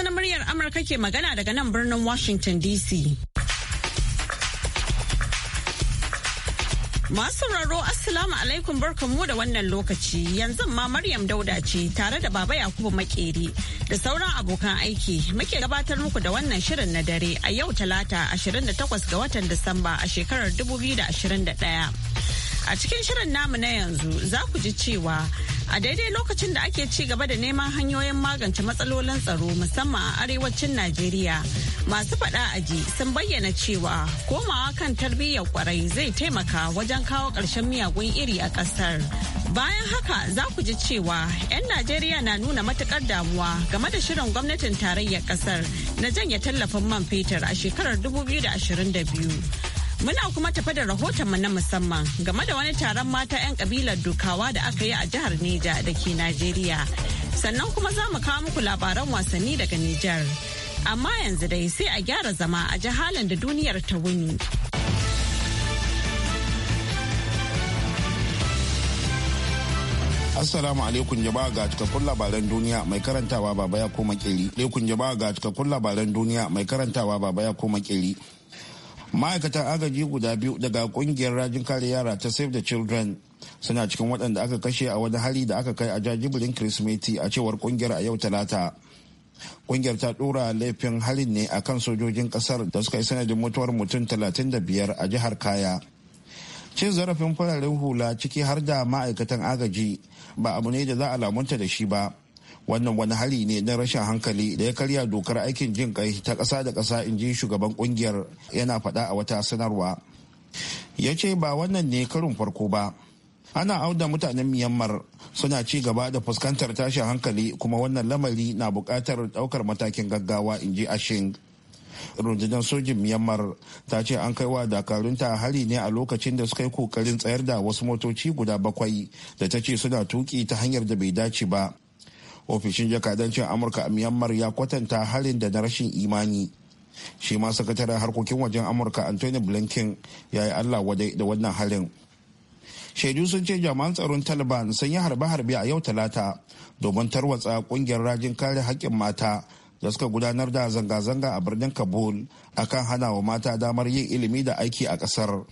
Hausa na muryar Amurka ke magana daga nan birnin Washington DC. Masu sauraro Assalamu alaikum barkamu da wannan lokaci yanzu ma Maryam Dauda ce tare da Baba Yakubu Makeri da sauran abokan aiki muke gabatar muku da wannan shirin na dare a yau talata 28 ga watan Disamba a shekarar 2021. A cikin shirin namu na yanzu za ku ji cewa a daidai lokacin da ake ci gaba da neman hanyoyin magance matsalolin tsaro musamman a arewacin Najeriya. Masu faɗa aji sun bayyana cewa komawa kan tarbiyyar kwarai zai taimaka wajen kawo ƙarshen miyagun iri a ƙasar. Bayan haka za ku ji cewa 'yan Najeriya na nuna matuƙar damuwa game da shirin gwamnatin tarayyar ƙasar na janye tallafin man fetur a shekarar 2022. Muna kuma tafe da rahoton mu na musamman game da wani taron mata 'yan kabilar Dukawa da aka yi a jihar Neja da ke Najeriya. Sannan kuma za mu kawo muku labaran wasanni daga Nijar. Amma yanzu dai sai a gyara zama a jihalin da duniyar ta wuni. Assalamu alaikum jama'a ga cikakkun labaran duniya mai karantawa baba ya koma kiri. Alaikum jama'a ga cikakkun labaran duniya mai karantawa baba ya koma kiri. ma'aikatan agaji guda biyu daga kungiyar rajin kare yara ta save the children suna cikin waɗanda aka kashe a wani hali da aka kai a jajibirin kirsimeti a cewar kungiyar a yau talata kungiyar ta dora laifin halin ne akan sojojin kasar da suka yi sanadin mutuwar mutum 35 a jihar kaya cin zarafin fararen hula ciki har da ma'aikatan agaji ba abu ne da za a lamunta da shi ba wannan wani hari ne na rashin hankali da ya karya dokar aikin jin kai ta ƙasa da ƙasa in ji shugaban ƙungiyar yana faɗa a wata sanarwa ya ce ba wannan ne karin farko ba ana auda mutanen myanmar suna ci gaba da fuskantar tashin hankali kuma wannan lamari na buƙatar ɗaukar matakin gaggawa in ji ashing rundunar sojin myanmar ta ce an kai wa dakarunta hari ne a lokacin da suka yi kokarin tsayar da wasu motoci guda bakwai da ta ce suna tuki ta hanyar da bai dace ba ofishin jakadancin amurka a myanmar ya kwatanta halin da na rashin imani shi ma sakataren harkokin wajen amurka anthony blinken ya yi allah wadai da wannan halin shaidu sun ce jami'an tsaron taliban sun yi harbe-harbe a yau talata domin tarwatsa kungiyar rajin kare haƙƙin mata da suka gudanar da zanga-zanga a birnin kabul akan hana wa mata damar yin ilimi da aiki a ƙasar.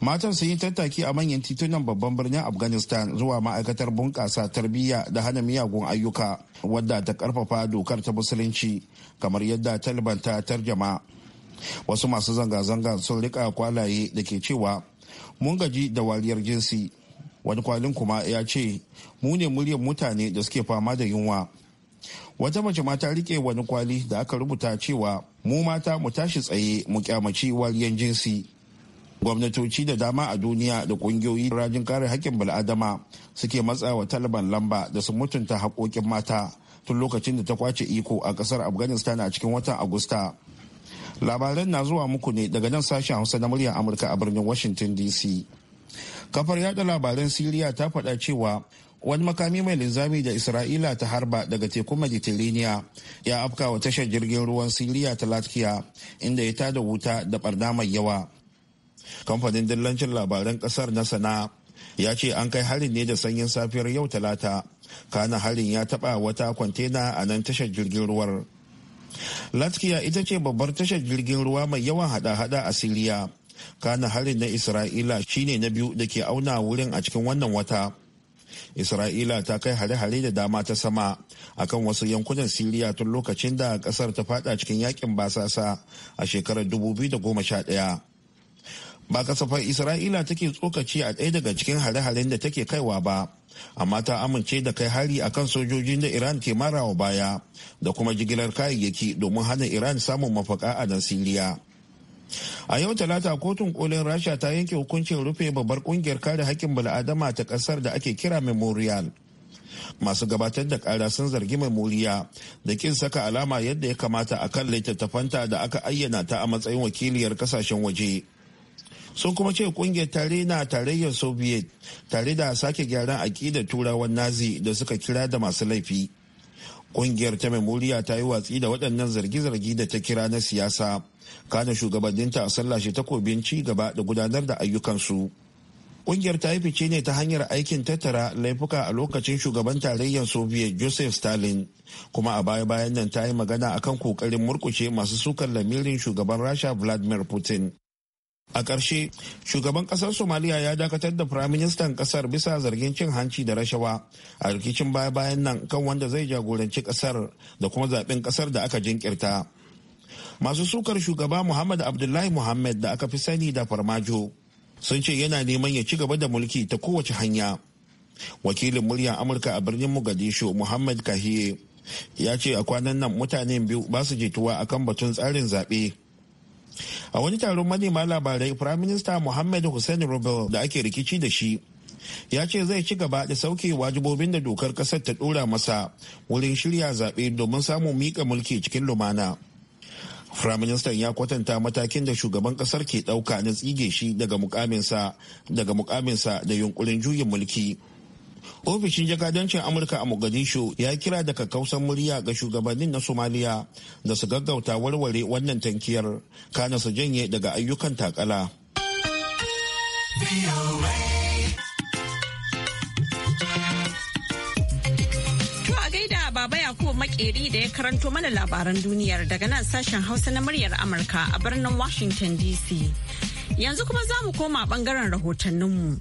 matan sun yi tattaki a manyan titunan babban birnin afghanistan zuwa ma'aikatar bunƙasa tarbiyya da hana miyagun ayyuka wadda ta karfafa dokar ta musulunci kamar yadda taliban ta tarjama wasu masu zanga-zanga sun rika kwalaye da ke cewa mun gaji da wariyar jinsi wani kwalin kuma ya ce mu ne muryar mutane da suke fama da yunwa wata mace ma ta rike wani kwali da aka rubuta cewa mu mata mu tashi tsaye mu kyamaci wariyar jinsi gwamnatoci da dama a duniya da kungiyoyi rajin kare hakkin bil'adama suke matsawa taliban lamba da su mutunta haƙoƙin mata tun lokacin da ta kwace iko a ƙasar afghanistan a cikin watan agusta labaran na zuwa muku ne daga nan sashen hausa na muryar amurka a birnin washington dc kafar yada labaran siriya ta faɗa cewa wani makami mai linzami da isra'ila ta harba daga tekun mediterania ya afka wa tashar jirgin ruwan siriya ta latkiya inda ya tada wuta da barna mai yawa kamfanin dillancin labaran kasar na sana ya ce an kai harin ne da sanyin safiyar yau talata kana harin ya taba wata kwantena a nan tashar jirgin ruwar latkiya ita ce babbar tashar jirgin ruwa mai yawan hada-hada a siriya kana harin na isra'ila shine na biyu da ke auna wurin a cikin wannan wata isra'ila ta kai hare-hare da dama ta sama akan wasu yankunan siriya tun lokacin da kasar ta fada cikin yakin basasa a shekarar 2011 ba kasafar isra'ila take tsokaci a ɗaya daga cikin hare-haren da take kaiwa ba amma ta amince da kai hari a kan sojojin da iran ke marawa baya da kuma jigilar kayayyaki domin hana iran samun mafaka a nan siriya a yau talata kotun kolin rasha ta yanke hukuncin rufe babbar kungiyar kare hakkin bala'adama ta kasar da ake kira memorial masu gabatar da kara sun zargi memorial da kin saka alama yadda ya kamata a akan littattafanta da aka ayyana ta a matsayin wakiliyar kasashen waje sun kuma ce kungiyar tare na tarayyar soviet tare da sake gyaran aƙidar turawan nazi da suka kira da masu laifi kungiyar ta memoriya ta yi watsi da waɗannan zargi-zargi da ta kira na siyasa kana shugabanninta sallashe takobin ci gaba da gudanar da ayyukansu kungiyar ta yi fice ne ta hanyar aikin tattara laifuka a lokacin shugaban tarayyar soviet joseph stalin kuma a baya-bayan nan ta yi magana akan kokarin murkushe masu sukan lamirin shugaban rasha vladimir putin A ƙarshe, shugaban ƙasar Somaliya ya dakatar da firaministan ƙasar bisa zargin cin hanci da rashawa a rikicin baya-bayan nan kan wanda zai jagoranci ƙasar da kuma zaɓen ƙasar da aka jinkirta. Masu sukar shugaba Muhammad Abdullahi Muhammad da aka fi sani da farmajo sun ce yana neman ya ci gaba da mulki ta kowace hanya. Wakilin muryar Amurka a birnin Mogadishu Muhammad Kahiye ya ce a kwanan nan mutanen biyu ba su jituwa akan batun tsarin zaɓe. a wani taron manema labarai firaminista muhammad hussein rubel da ake rikici da shi ya ce zai ci gaba da sauke wajibobin da dokar kasar ta dora masa wurin shirya zaɓe domin samun miƙa mulki cikin lumana firaministan ya kwatanta matakin da shugaban kasar ke ɗauka na tsige shi daga mukaminsa daga mukaminsa da yunkurin juyin mulki ofishin jakadancin amurka a mogadishu ya kira da kakkausan murya ga shugabannin na somaliya da su gaggauta warware wannan tankiyar kana su janye daga ayyukan takala Baba Yakubu Makeri da ya karanto mana labaran duniyar daga nan sashen Hausa na muryar Amurka a birnin Washington DC. Yanzu kuma za mu koma bangaren rahotanninmu.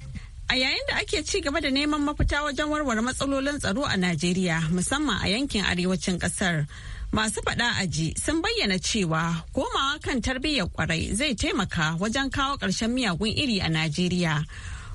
A yayin da ake ci gaba da neman mafita wajen warware matsalolin tsaro a Najeriya musamman a yankin arewacin kasar. Masu faɗa aji sun bayyana cewa komawa kan tarbiyyar kwarai zai taimaka wajen kawo ƙarshen miyagun iri a Najeriya.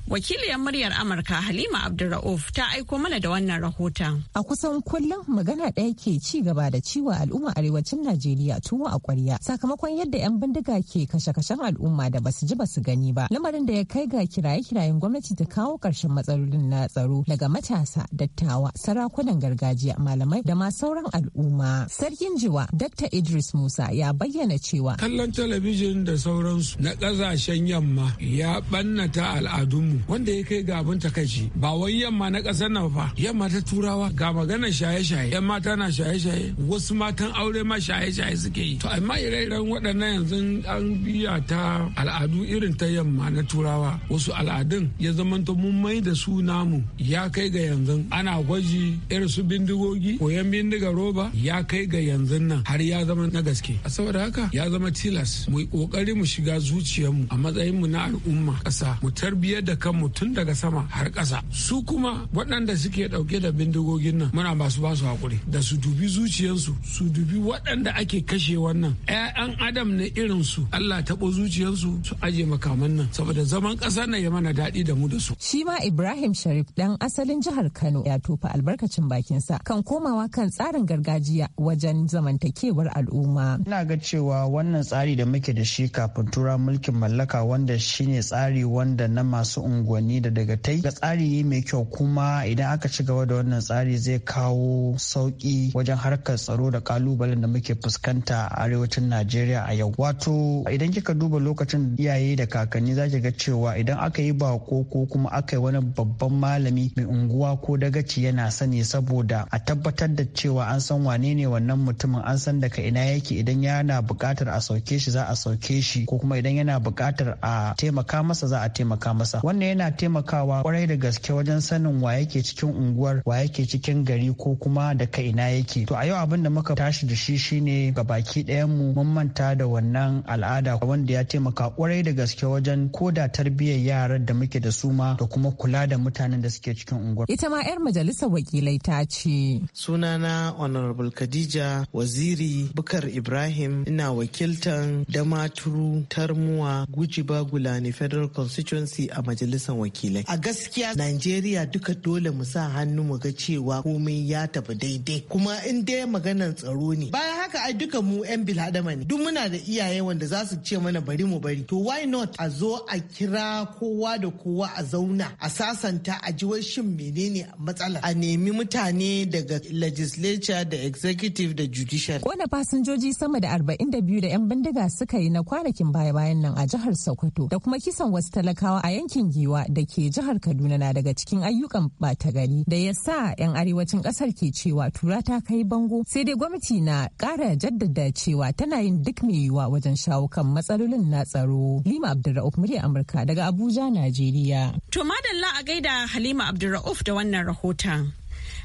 Wakiliyar muryar Amurka Halima Abdulra'uf ta aiko mana da wannan rahoton. A kusan kullum magana ɗaya ke ci gaba da ciwo al'umma arewacin Najeriya tuwo a kwarya sakamakon yadda 'yan bindiga ke kashe-kashen al'umma da basu ji basu gani ba. Lamarin da ya kai ga kiraye-kirayen gwamnati ta kawo ƙarshen matsalolin na tsaro daga matasa, dattawa, sarakunan gargajiya, malamai da ma sauran al'umma. Sarkin Jiwa Dr. Idris Musa ya bayyana cewa. Kallon talabijin da sauransu na ƙasashen yamma ya ɓannata al'adunmu mu wanda ya kai ga abin takaici ba wai yamma na ƙasar nan ba yamma ta turawa ga magana shaye-shaye yan mata na shaye-shaye wasu matan aure ma shaye-shaye suke yi to amma ire-iren waɗannan yanzu an biya ta al'adu irin ta yamma na turawa wasu al'adun ya zamanto mun mai da su namu ya kai ga yanzu ana gwaji irin su bindigogi koyan bindiga roba ya kai ga yanzu nan har ya zama na gaske a saboda haka ya zama tilas mu yi kokari mu shiga zuciyar mu. a matsayin mu na al'umma ƙasa mu tarbiyyar da kan tun daga sama har ƙasa su kuma waɗanda suke ɗauke da bindigogin nan muna masu ba su haƙuri da su dubi zuciyarsu su dubi waɗanda ake kashe wannan 'ya'yan adam na irin su Allah taɓo zuciyarsu su aje makaman nan saboda zaman ƙasar nan ya mana daɗi da mu da su. Shi ma Ibrahim Sharif ɗan asalin jihar Kano ya tofa albarkacin bakinsa kan komawa kan tsarin gargajiya wajen zamantakewar al'umma. Ina ga cewa wannan tsari da muke da shi kafin tura mulkin mallaka wanda shine tsari wanda na masu unguwanni da daga tai ga tsari mai kyau kuma idan aka ci gaba da wannan tsari zai kawo sauki wajen harkar tsaro da kalubalen da muke fuskanta a arewacin najeriya a yau wato idan kika duba lokacin iyaye da kakanni zaki ga cewa idan aka yi bako ko kuma aka yi wani babban malami mai unguwa ko dagaci yana sani saboda a tabbatar da cewa an san wane ne wannan mutumin an san daga ina yake idan yana buƙatar a sauke shi za a sauke shi ko kuma idan yana buƙatar a taimaka masa za a taimaka masa wannan ne yana taimakawa kwarai da gaske wajen sanin wa yake cikin unguwar wa yake cikin gari ko kuma daga ina yake to a yau abin da muka tashi da shi shine ga baki ɗayan mu mun manta da wannan al'ada wanda ya taimaka kwarai da gaske wajen koda tarbiyyar yaran da muke da su ma da kuma kula da mutanen da suke cikin unguwar ita ma yar majalisar wakilai ta ce sunana honorable khadija waziri bukar ibrahim ina wakiltan damaturu tarmuwa gujiba gulani federal constituency a majalisar majalisar wakilai a gaskiya najeriya duka dole mu sa hannu mu ga cewa komai ya tafi daidai kuma in dai maganar tsaro ne bayan haka ai duka mu yan bilhadama ne duk muna da iyaye wanda za su ce mana bari mu bari to why not a zo a kira kowa da kowa a zauna a sasanta a ji shin menene matsala a nemi mutane daga legislature da executive da judicial wanda fasinjoji sama da 42 da 'yan bindiga suka yi na kwanakin baya-bayan nan a jihar sokoto da kuma kisan wasu talakawa a yankin Giwa da ke jihar Kaduna na daga cikin ayyukan bata gari da ya sa 'yan arewacin kasar ke cewa tura ta kai bango sai dai gwamnati na kara jaddada cewa tana yin duk mai yiwuwa wajen shawo kan matsalolin na tsaro. Lima Abdulra'uf murya Amurka daga Abuja, Najeriya. To madalla a gaida Halima Abdulra'uf da wannan rahoton.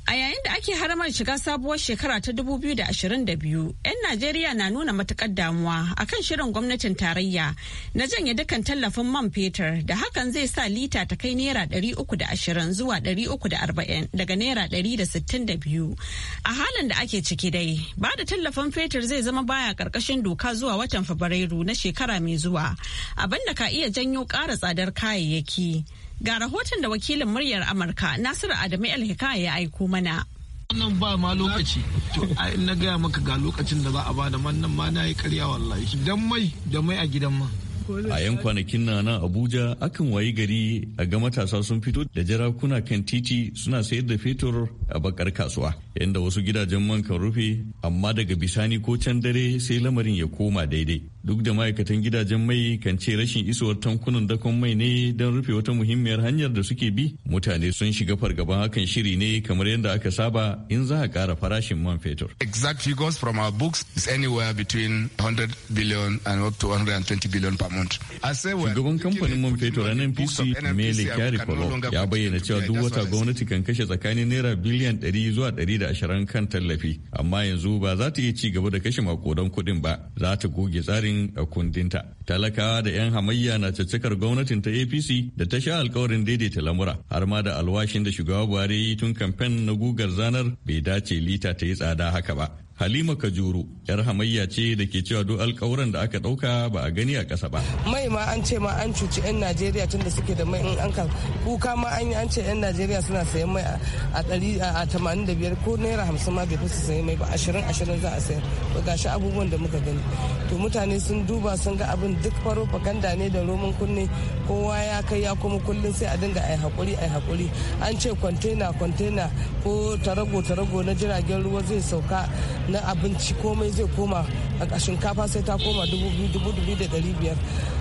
A yayin da ake haramar shiga sabuwar shekara ta 2022, 'yan Najeriya na nuna matukar damuwa akan shirin gwamnatin tarayya na janye dukkan tallafin man fetur da hakan zai sa lita ta kai naira 320 zuwa 340 daga naira 162. A halin da ake ciki dai, ba da tallafin fetur zai zama baya ƙarƙashin doka zuwa watan Fabrairu na shekara mai zuwa, abin da ka iya janyo ƙara tsadar kayayyaki. Ga rahoton da wakilin muryar Amurka Nasiru Adamu Elhikaya ya aiko mana. wannan ba ma lokaci to ai na gaya maka ga lokacin da za a bada man nan ma na yi karya wallahi dan mai da mai a gidan ma a yan kwanakin na nan abuja akan wayi gari a ga matasa sun fito da jarakuna kan titi suna sayar da fetur a bakar kasuwa inda wasu gidajen man kan rufe amma daga bisani ko can dare sai lamarin ya koma daidai duk da ma'aikatan gidajen mai kan ce rashin isowar tankunan dakon mai ne don rufe wata muhimmiyar hanyar da suke bi mutane sun shiga fargaban hakan shiri ne kamar yadda aka saba in za a kara farashin man fetur. exact figures from our books is anywhere between 100 billion and up to 120 billion per month. shugaban kamfanin man fetur pc mele kyari kolo ya bayyana cewa duk wata gwamnati kan kashe tsakanin naira biliyan 100 zuwa 120 kan tallafi amma yanzu ba za ta iya ci gaba da kashe makodan kuɗin ba za ta goge tsari. alkawarin a kundinta. Talakawa da 'yan hamayya na caccakar gwamnatin ta APC da ta sha alkawarin daidaita lamura har ma da alwashin da shugaba Buhari tun kamfen na gugar zanar bai dace lita ta yi tsada haka ba. Halima Kajuru, 'yar hamayya ce da ke cewa duk alkawuran da aka ɗauka ba a gani a ƙasa ba. Mai ma an ce ma an cuci 'yan Najeriya tun da suke da mai in an kan kuka ma an yi an ce 'yan Najeriya suna sayan mai a ɗari a tamanin da biyar ko naira hamsin ma bai fi sayan mai ba ashirin ashirin za a sayar. ga gashi abubuwan da muka gani. To mutane sun duba sun ga abin duk faro faganda ne da roman kunne kowa ya kai ya kuma kullum sai a dinga haƙuri hakuri yi haƙuri an ce kwantena kwantena ko tarago tarago na jiragen ruwa zai sauka na abinci komai zai koma a shinkafa sai ta koma biyar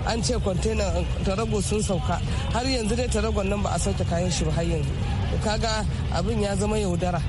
an ce kwantena tarago sun sauka har yanzu dai taragon nan ba a sauke kayan shi har yanzu kaga abin ya zama yaudara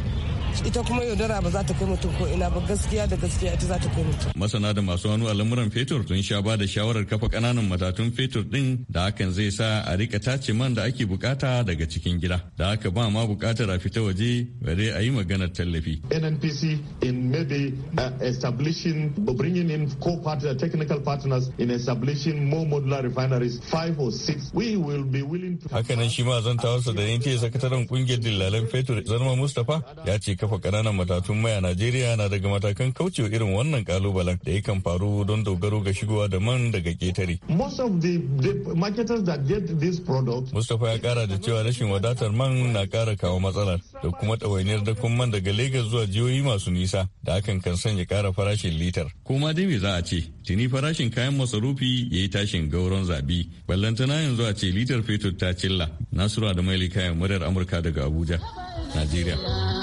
ita kuma yaudara ba za ta kai mutum ko ina ba gaskiya da gaskiya ita za ta kai mutum. Masana da masu hannu a lamuran fetur sun sha ba da shawarar kafa ƙananan matatun fetur ɗin da hakan zai sa a rika tace man da ake bukata daga cikin gida. Da haka ba ma bukatar a fita waje bare a yi maganar tallafi. NNPC in maybe uh, establishing bringing in co-partner uh, technical partners in establishing more modular refineries five or six we will be willing to. Hakanan shi ma zan tawarsa da yanke sakataren kungiyar dillalan fetur Zanma Mustapha ya ce rufe ƙananan matatun mai a Najeriya na daga matakan kaucewa irin wannan kalubalen da ya kan faru don dogaro ga shigowa da man daga ketare. Most of get this product. Mustapha ya kara da cewa rashin wadatar man na kara kawo matsalar da kuma ɗawainiyar dakon man daga Lagos zuwa jihohi masu nisa da hakan kan sanya kara farashin litar. ma dai me za a ce, tuni farashin kayan masarufi ya yi tashin gauron zabi. Ballantana yanzu a ce litar fetur ta cilla. Nasiru da Maili kayan muryar Amurka daga Abuja, Najeriya.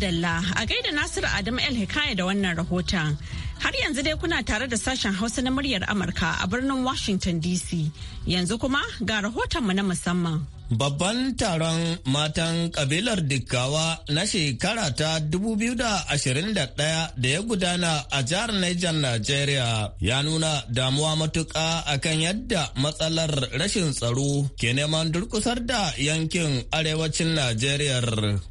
Adalla a gaida Nasiru Adamu El Hikaya da wannan rahoton. Har yanzu dai kuna tare da sashen Hausa na muryar Amurka a birnin Washington DC. Yanzu kuma ga rahoton mu na musamman. Babban taron matan kabilar Dikkawa na shekara ta 2021 da ya gudana a jihar Niger Najeriya ya nuna damuwa matuƙa akan yadda matsalar rashin tsaro ke neman durkusar da yankin arewacin Najeriya.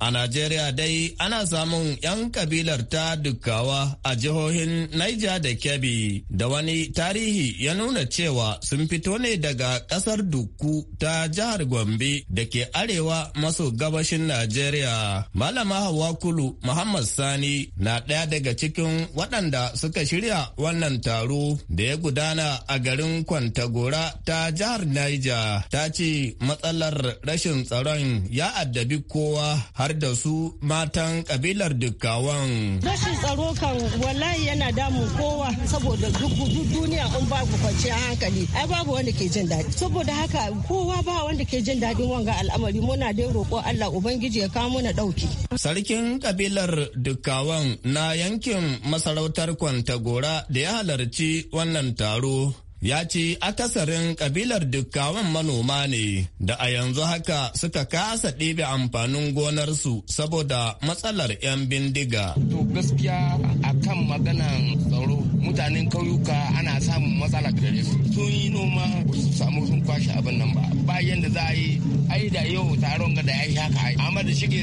A Najeriya dai ana samun 'yan kabilar ta Dikkawa a jihohin Niger da Kebbi da wani tarihi ya nuna cewa sun fito ne daga ƙasar Dukku ta jihar Gombe. Maiduguri da ke arewa maso gabashin Najeriya. Malama Hawa Kulu Muhammad Sani na ɗaya daga cikin waɗanda suka shirya wannan taro da ya gudana a garin Kwantagora ta jihar Niger. Ta ce matsalar rashin tsaron ya addabi kowa har da su matan kabilar dukkawan. Rashin tsaro kan wallahi yana damun kowa saboda duk duniya in babu kwanciyar hankali ai babu wanda ke jin daɗi saboda haka kowa ba wanda ke jin daɗi duk wanga al'amari muna dai roƙo Allah ubangiji ya kawo na ɗauki. Sarkin kabilar dukkawan na yankin masarautar Kwantagora da ya halarci wannan taro ya ce akasarin kabilar dukkawan manoma ne da a yanzu haka suka kasa ɗebe amfanin gonarsu saboda matsalar 'yan bindiga. To gaskiya akan maganan tsaro mutanen kauyuka ana samun matsala gare su sun yi noma ba su samu sun kwashe abin nan ba bayan da za a yi ai da yau taron ga da ya yi haka ai amma da shige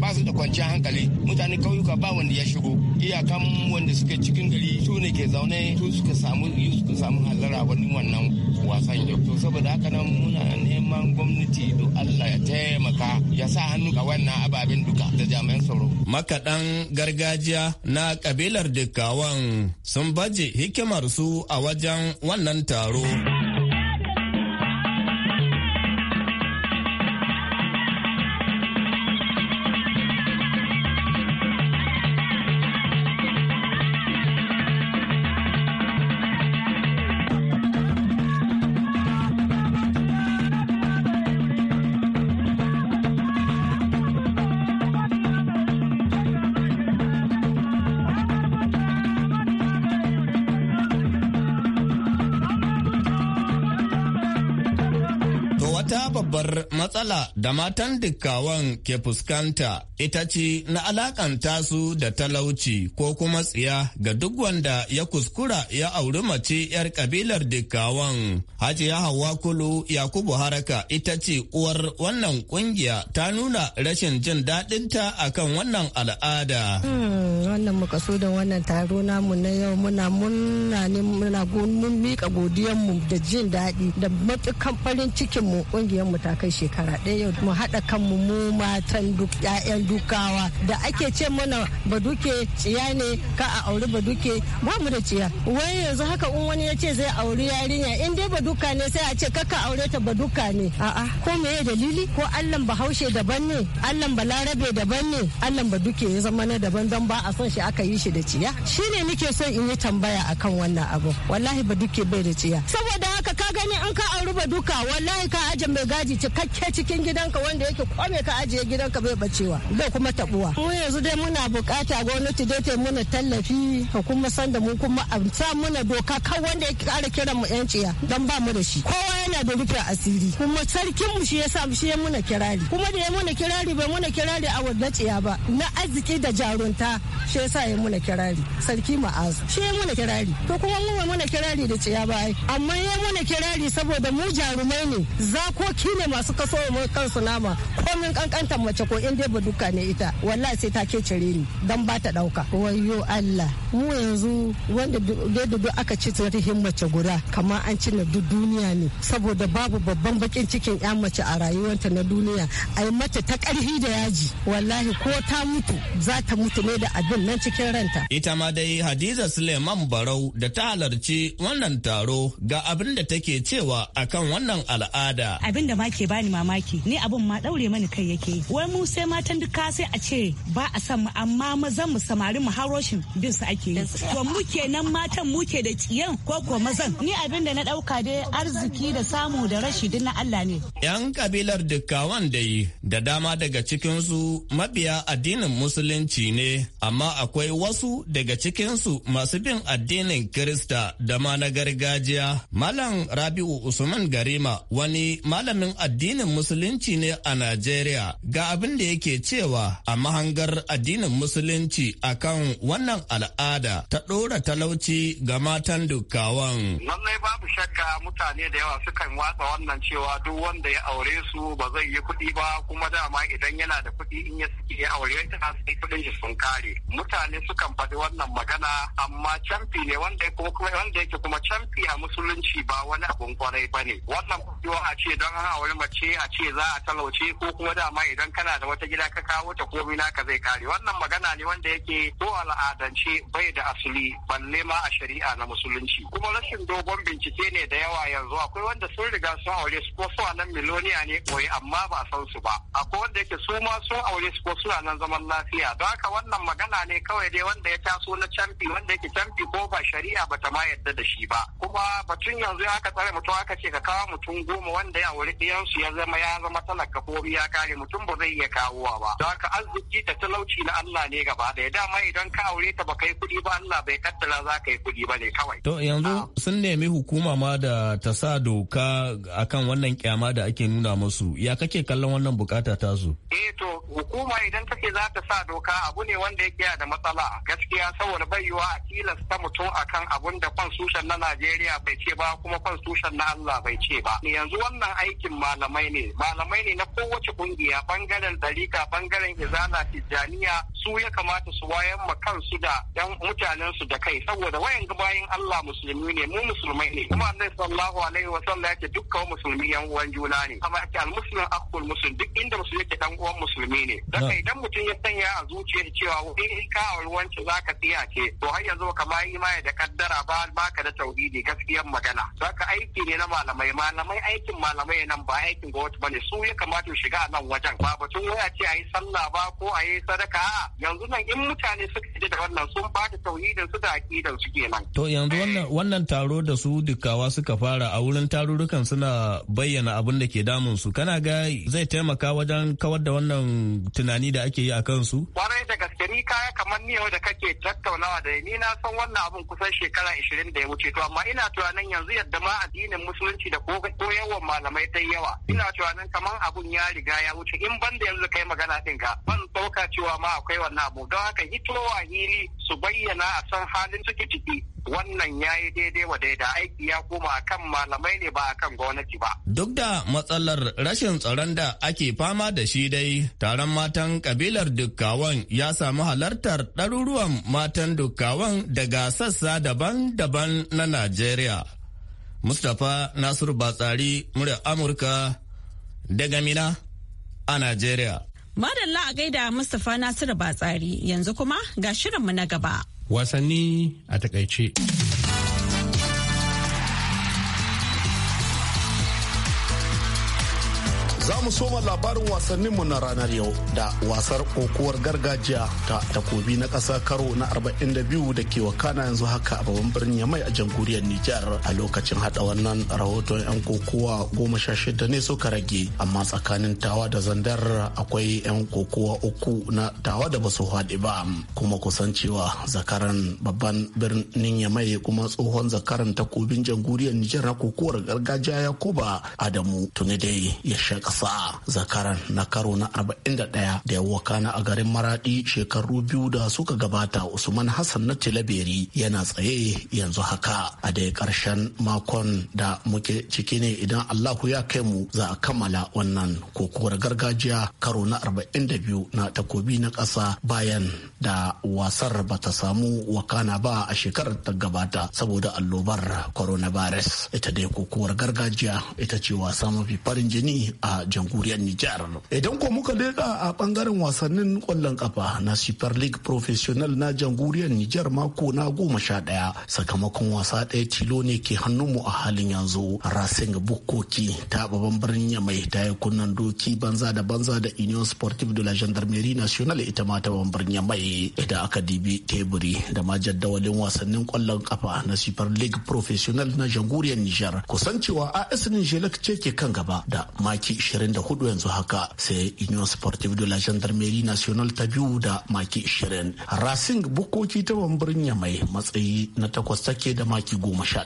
ba su da kwanciyar hankali mutanen kauyuka ba wanda ya shigo iyakan wanda suke cikin gari su ne ke zaune su suka samu suka samu halara wani wannan wasan yau to saboda haka nan muna neman gwamnati do Allah ya taimaka ya sa hannu ga wannan ababen duka da jami'an tsaro makaɗan gargajiya na kabilar dukkawan sun baje hikimar a wajen wannan taro. da matan dukkawan ke fuskanta ita ce na alakanta su da talauci ko kuma tsiya ga duk wanda ya kuskura ya auri mace 'yar kabilar dukkawan. Hajiya Hawa Kulu Yakubu Haraka ita ce uwar wannan kungiya ta nuna rashin jin daɗinta akan wannan al'ada. Hmm, wannan muka so da wannan taro namu na yau muna muna ne muna gunun miƙa godiyanmu da jin daɗi da matukan farin cikinmu kungiyarmu ta kai shekara ɗaya yau mu haɗa kanmu mu matan duk ƴaƴan dukawa da ake ce mana baduke ciya ne ka a auri baduke ba mu da ciya wai yanzu haka in wani ya ce zai auri yarinya in dai baduka ne sai a ce kaka aure ta duka ne a'a ko meye dalili ko allan bahaushe daban ne allan balarabe daban ne allan baduke ya zama na daban don ba a son shi aka yi shi da ciya shine nake son in yi tambaya akan wannan abu wallahi baduke bai da ciya saboda haka ka gani an ka auri baduka wallahi ka ajin mai gaji cikakke cikin gida gidanka wanda yake kome ka ajiye gidanka bai bacewa bai kuma tabuwa mu yanzu dai muna bukata gwamnati dai ta muna tallafi ka kuma san da mu kuma a sa muna doka kan wanda yake kara kiran mu yanciya dan ba mu da shi kowa yana da rufe asiri kuma sarkin mu shi sa shi ya muna kirari kuma da ya muna kirari bai muna kirari a wadaciya ba na arziki da jarunta shi ya sa ya muna kirari sarki ma'azu shi ya muna kirari to kuma mu muna kirari da ciya ba ai amma ya muna kirari saboda mu jarumai ne zakoki ne masu kaso mu kan su nama komin kankantar mace ko in dai duka ne ita wallahi sai ta ke cire ni dan ba ta dauka wayo Allah mu yanzu wanda da duk aka ci rihin mace guda kamar an ci na duk duniya ne saboda babu babban bakin cikin ya mace a rayuwarta na duniya ai mata ta karhi da yaji wallahi ko ta mutu za ta mutu ne da abin nan cikin ranta ita ma dai Hadiza Suleiman Barau da ta halarci wannan taro ga abin da take cewa akan wannan al'ada abin da ma ke bani mamaki ni abun ma daure mani kai yake wai mu sai matan duka sai a ce ba a san mu amma mazan mu samari mu haroshin bin su ake yi to mu kenan matan mu ke da tsiyan ko ko mazan ni abin da na dauka dai arziki da samu da rashi duk na Allah ne yan kabilar da dai da dama daga cikin su mabiya addinin musulunci ne amma akwai wasu daga cikin su masu bin addinin Kirista da ma na gargajiya malam Rabi'u Usman Garima wani malamin addinin musulunci musulunci ne a Najeriya ga abin da yake cewa a mahangar addinin musulunci akan wannan al'ada ta ɗora talauci ga matan dukkawan. Lallai babu shakka mutane da yawa sukan watsa wannan cewa duk wanda ya aure su ba zai yi kuɗi ba kuma dama idan yana da kuɗi in ya suke ya aure ta sai kuɗin shi sun kare. Mutane sukan faɗi wannan magana amma canfi ne wanda yake kuma camfi a musulunci ba wani abun kwarai ba ne. Wannan kuɗi a ce don an aure mace a ce za a talauci ko kuma dama idan kana da wata gida ka kawo ta komi ka zai kare wannan magana ne wanda yake ko al'adance bai da asali balle ma a shari'a na musulunci kuma rashin dogon bincike ne da yawa yanzu akwai wanda sun riga sun aure su ko su nan miloniya ne koyi amma ba san su ba akwai wanda yake su ma sun aure su ko suna nan zaman lafiya don haka wannan magana ne kawai dai wanda ya taso na canfi wanda yake canfi ko ba shari'a ba ta ma yadda da shi ba kuma batun yanzu ya aka tsare mutum aka ce ka kawo mutum goma wanda ya aure ɗiyansu ya zama ya zama matsalar ko ya kare mutum ba zai iya kawowa ba don haka arziki da talauci na Allah ne gaba ya dama idan ka aure ta ba kai kuɗi ba Allah bai kaddara za ka yi kuɗi ba ne kawai to yanzu sun nemi hukuma ma da ta sa doka akan wannan kyama da ake nuna musu ya kake kallon wannan bukata ta su eh to hukuma idan take za ta sa doka abu ne wanda yake da matsala gaskiya saboda bai yiwa a tilasta mutum akan abun da constitution na Najeriya bai ce ba kuma constitution na Allah bai ce ba yanzu wannan aikin malamai ne malamai malamai ne na kowace kungiya bangaren dalika bangaren izana tijjaniya su ya kamata su wayan ma kansu da yan mutanen su da kai saboda wayan bayan Allah musulmi ne mu musulmai ne kuma Annabi sallallahu alaihi wasallam yake dukkan musulmi yan uwan juna ne amma yake almuslim akul muslim duk inda musulmi yake dan uwan musulmi ne kai idan mutum ya sanya a zuciyar cewa in ka auri wancan zaka tsiya ke. to har yanzu yi imani da kaddara ba baka da tauhidi gaskiyar magana zaka aiki ne na malamai malamai aikin malamai nan ba aikin ba ne su ya kamata shiga a nan wajen ba batun waya ce a yi sallah ba ko a yi sadaka yanzu nan in mutane suka ji da wannan sun ba da tauhidin su da aqidan su kenan to yanzu eh. wannan wannan taro da su dukkawa suka fara a wurin tarurrukan suna bayyana abin da ke damun su kana ga zai taimaka wajen kawar da wannan tunani da ake yi a kansu kwarai da gaske ni kaya kamar ni da kake tattaunawa da ni na san wannan abin kusan shekara 20 da ya wuce to amma ina tunanin yanzu yadda ma addinin musulunci da koyarwar malamai ta yawa ina tunanin kamar kaman abun ya riga ya wuce in ban da yanzu kai magana din ka ban dauka cewa ma akwai wannan abu don haka hitowa hili su bayyana a san halin suke ciki wannan ya yi daidai wa daida aiki ya koma akan malamai ne ba akan gwamnati ba. Duk da matsalar rashin tsaron da ake fama da shi dai, taron matan kabilar dukkawan ya samu halartar ɗaruruwan matan dukkawan daga sassa daban-daban na Najeriya. Mustapha Nasiru Batsari, murya Amurka daga Mina a Najeriya. Madalla a gaida Mustapha Nasiru Batsari yanzu kuma ga shirinmu na gaba. Wasanni a takaice. za mu soma labarin wasannin mu na ranar yau da wasar kokowar gargajiya ta takobi na ƙasa karo na 42 da ke wakana yanzu haka a babban birnin Yamai a jamhuriyar Nijar a lokacin hada wannan rahoton 'yan kokowa goma sha shida ne suka rage amma tsakanin tawa da zandar akwai 'yan kokowa uku na tawa da basu haɗe ba kuma kusan cewa zakaran babban birnin Yamai kuma tsohon zakaran takobin jamhuriyar Nijar na kokowar gargajiya ya Yakuba Adamu tuni dai ya sha ƙasa ba'a zakaran na karo na 41 da ya wakana a garin maradi shekaru biyu da suka gabata usman hassan na tilaberi yana tsaye yanzu haka a dai karshen makon da muke ciki ne idan allahu ya kai mu za a kammala wannan kokowar gargajiya karo na 42 na takobi na ƙasa bayan da wasar ba ta samu wakana ba a shekarar ta gabata saboda allobar coronavirus ita dai kokowar gargajiya ita ce wasa mafi farin jini a jihar jamhuriyar Nijar. Idan ko muka leka a bangaren wasannin kwallon kafa na Super League Professional na jamhuriyar Nijar mako na goma sha ɗaya sakamakon wasa ɗaya tilo ne ke hannunmu a halin yanzu. Racing Bukkoki ta babban birnin Yamai ta yi kunnan doki banza da banza da Union Sportive de la Gendarmerie Nationale ita ma ta babban Yamai. Idan aka dibi teburi da ma jaddawalin wasannin kwallon kafa na Super League Professional na jamhuriyar Nijar kusan cewa AS Nijelak ce ke kan gaba da maki 20 24 yanzu haka sai union sportive de la gendarmerie national ta biyu da maki 20 racing bukoki ta bambirin mai matsayi na takwas take da maki 11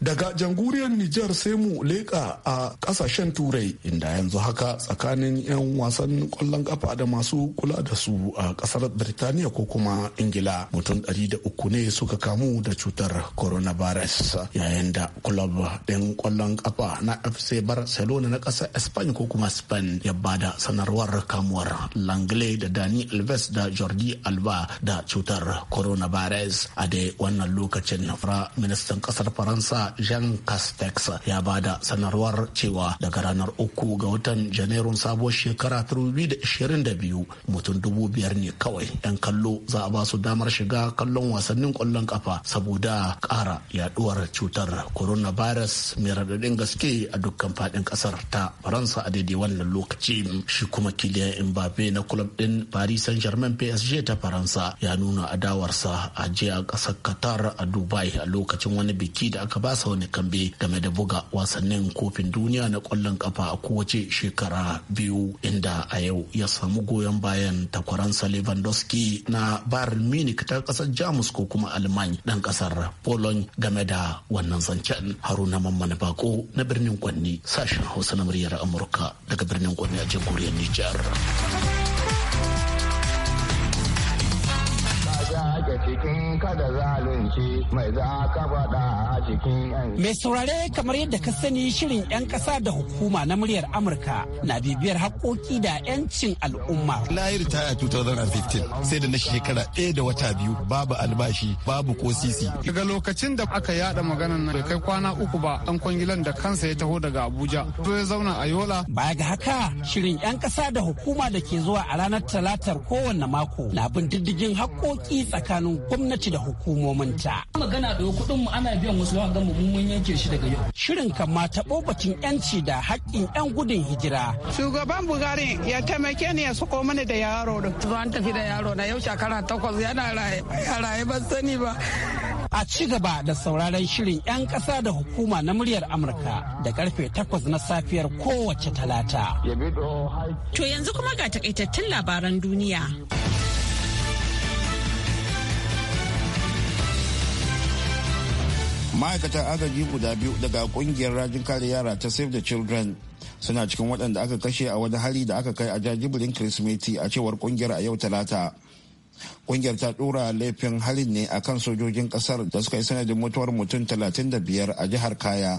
daga janguriyar nijar sai mu leka a kasashen turai inda yanzu haka tsakanin 'yan wasan kwallon kafa da masu kula da su a kasar birtaniya ko kuma ingila mutum uku ne suka kamu da cutar coronavirus yayin da club ɗin kwallon kafa na fc barcelona na ƙasar spain ko kuma spain ya bada sanarwar kamuwar langley da dani alves da jordi alba da cutar coronavirus a dai wannan lokacin fara ministan kasar faransa jean castex ya bada sanarwar cewa daga ranar uku ga watan janairun sabuwar shekara 2022 mutum dubu biyar ne kawai 'yan kallo za a ba su damar shiga kallon wasannin kwallon kafa saboda ƙara yaduwar cutar coronavirus mai raɗaɗin gaske a dukkan faɗin ƙasar ta faransa a daidai wannan lokaci shi kuma Kylian Mbappe na club din Paris Saint-Germain PSG ta Faransa ya nuna adawarsa a jiya ƙasar Qatar a Dubai a lokacin wani biki da aka basa wani kambe game da buga wasannin kofin duniya na kwallon kafa a kowace shekara biyu inda a yau ya samu goyon bayan takwaransa Lewandowski na Bayern Munich ta ƙasar Jamus ko kuma Alman ɗan ƙasar Poland game da wannan zancen Haruna Mamman Bako na birnin Kwanni sashen Hausa na muryar Amurka. Amurka daga birnin Gombe a jamhuriyar Nijar. cikin kada zalunci mai za ka faɗa Mai saurare kamar yadda ka sani shirin 'yan ƙasa da hukuma na muryar Amurka na bibiyar haƙoƙi da 'yancin al'umma. Na yi ritaya 2015 sai da na shekara ɗaya da wata biyu babu albashi babu ko sisi. Daga lokacin da aka yada maganan nan bai kai kwana uku ba an kwangilan da kansa ya taho daga Abuja. To ya zauna a Yola. Baya ga haka shirin 'yan ƙasa da hukuma da ke zuwa a ranar talatar kowanne mako na bin diddigin haƙoƙi tsakanin gwamnati da hukumominta. Magana da kuɗin mu ana biyan wasu slogan mu mun yanke shi daga yau shirin kan ma taɓo yanci da haƙƙin yan gudun hijira shugaban bugari ya taimake ni ya sako mana da yaro da zuwa an tafi da yaro na yau shekara takwas yana raye raye ban sani ba a ci gaba da sauraron shirin 'yan ƙasa da hukuma na muryar amurka da karfe 8 na safiyar kowace talata to yanzu kuma ga takaitattun labaran duniya ma'aikatan agaji guda biyu daga kungiyar rajin kare yara ta save the children suna cikin waɗanda aka kashe a wani hali da aka kai a jajibirin kirsimeti a cewar kungiyar a yau talata kungiyar ta dora laifin halin ne a kan sojojin kasar da suka yi sanadin mutuwar mutum 35 a jihar kaya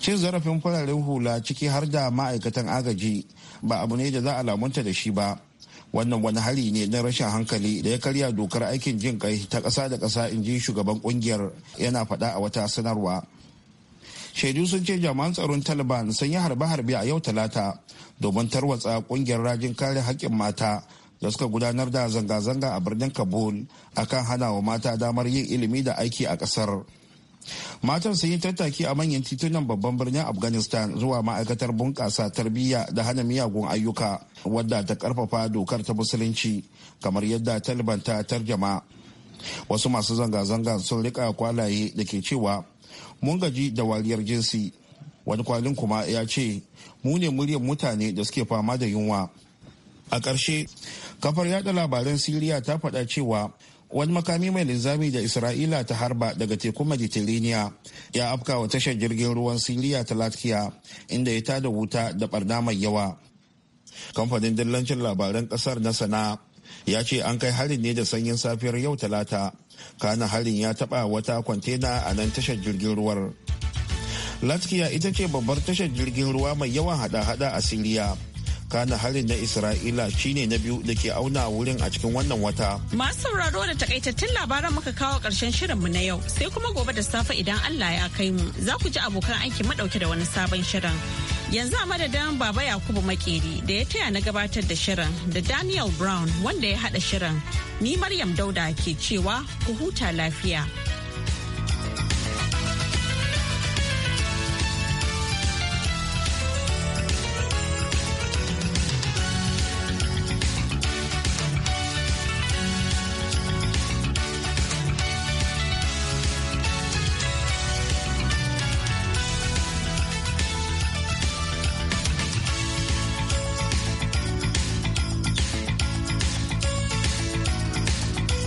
cin zarafin fararen hula ciki har da ma'aikatan agaji ba abu ne da za a lamunta da shi ba wannan wani hari ne na rashin hankali da ya karya dokar aikin jin kai ta ƙasa da ƙasa in ji shugaban kungiyar yana faɗa a wata sanarwa shaidu sun ce jami'an tsaron taliban sun yi harbe-harbe a yau talata domin tarwatsa kungiyar rajin kare haƙƙin mata da suka gudanar da zanga-zanga a birnin kabul akan hana wa mata damar yin ilimi da aiki a ƙasar matan sun yi tattaki a manyan titunan babban birnin afghanistan zuwa ma'aikatar bunƙasa tarbiyya da hana miyagun ayyuka wadda ta karfafa dokar ta musulunci kamar yadda taliban ta tarjama wasu masu zanga-zanga sun rika kwalaye da ke cewa mun gaji da wariyar jinsi wani kwalin kuma ya ce mu ne muryar mutane da suke fama da yunwa a ƙarshe kafar yada labaran siriya ta faɗa cewa wani makami mai linzami da isra'ila ta harba daga tekun mediterania ya afka wa tashar jirgin ruwan siriya ta latkiya inda ya tada wuta da barna mai yawa kamfanin dillancin labaran kasar na sana ya ce an kai harin ne da sanyin safiyar yau talata kana harin ya taba wata kwantena a nan tashar jirgin ruwar latkiya ita ce babbar tashar jirgin ruwa mai yawan hada-hada a siriya kana harin na isra'ila shine na biyu da ke auna wurin a cikin wannan wata masu sauraro da takaitattun labaran muka kawo karshen mu na yau sai kuma gobe da safe idan allah ya kai mu za ku ji abokan aiki madauke da wani sabon shirin yanzu a madadin baba yakubu makeri da ya taya na gabatar da shirin da daniel brown wanda ya hada shirin ni maryam dauda ke cewa ku huta lafiya